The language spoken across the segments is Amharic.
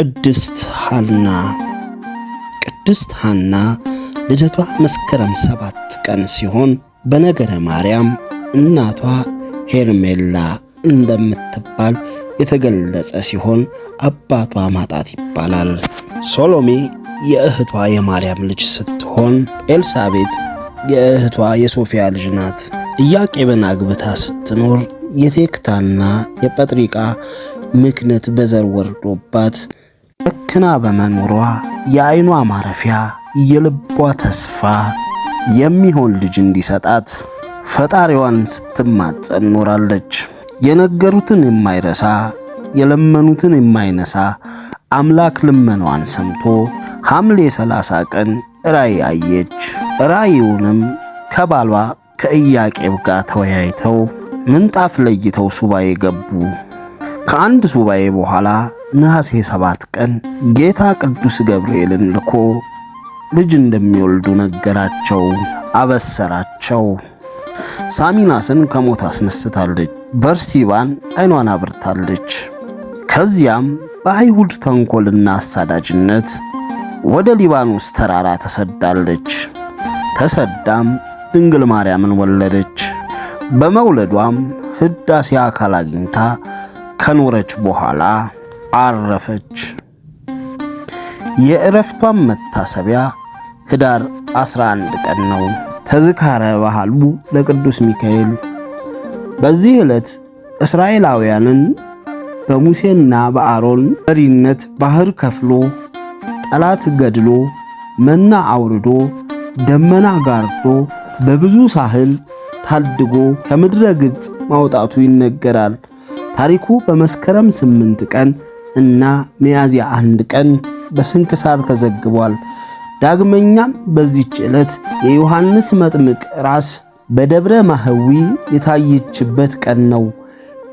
ቅድስት ሐና ቅድስት ሐና ልደቷ መስከረም ሰባት ቀን ሲሆን በነገረ ማርያም እናቷ ሄርሜላ እንደምትባል የተገለጸ ሲሆን አባቷ ማጣት ይባላል። ሶሎሜ የእህቷ የማርያም ልጅ ስትሆን ኤልሳቤጥ የእህቷ የሶፊያ ልጅ ናት። ኢያቄምን አግብታ ስትኖር የቴክታና የጰጥሪቃ ምክነት በዘር ወርዶባት መኪና በመኖሯ የአይኗ ማረፊያ የልቧ ተስፋ የሚሆን ልጅ እንዲሰጣት ፈጣሪዋን ስትማጸን ኖራለች። የነገሩትን የማይረሳ የለመኑትን የማይነሳ አምላክ ልመኗን ሰምቶ ሐምሌ 30 ቀን ራእይ አየች። ራእዩንም ከባሏ ከኢያቄም ጋር ተወያይተው ምንጣፍ ለይተው ሱባኤ ገቡ። ከአንድ ሱባኤ በኋላ ነሐሴ ሰባት ቀን ጌታ ቅዱስ ገብርኤልን ልኮ ልጅ እንደሚወልዱ ነገራቸው፣ አበሰራቸው። ሳሚናስን ከሞት አስነስታለች፣ በርሲባን ዓይኗን አብርታለች። ከዚያም በአይሁድ ተንኮልና አሳዳጅነት ወደ ሊባኖስ ተራራ ተሰዳለች። ተሰዳም ድንግል ማርያምን ወለደች። በመውለዷም ሕዳሴ አካል አግኝታ ከኖረች በኋላ አረፈች። የእረፍቷን መታሰቢያ ህዳር 11 ቀን ነው። ተዝካረ ባህሉ ለቅዱስ ሚካኤል። በዚህ ዕለት እስራኤላውያንን በሙሴና በአሮን መሪነት ባህር ከፍሎ ጠላት ገድሎ መና አውርዶ ደመና ጋርዶ በብዙ ሳህል ታድጎ ከምድረ ግብፅ ማውጣቱ ይነገራል። ታሪኩ በመስከረም ስምንት ቀን እና ሚያዝያ አንድ ቀን በስንክሳር ተዘግቧል። ዳግመኛም በዚህች ዕለት የዮሐንስ መጥምቅ ራስ በደብረ ማህዊ የታየችበት ቀን ነው።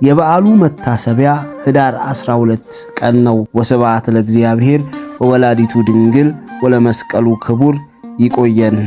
የበዓሉ መታሰቢያ ኅዳር 12 ቀን ነው። ወስብሐት ለእግዚአብሔር ወወላዲቱ ድንግል ወለመስቀሉ ክቡር። ይቆየን።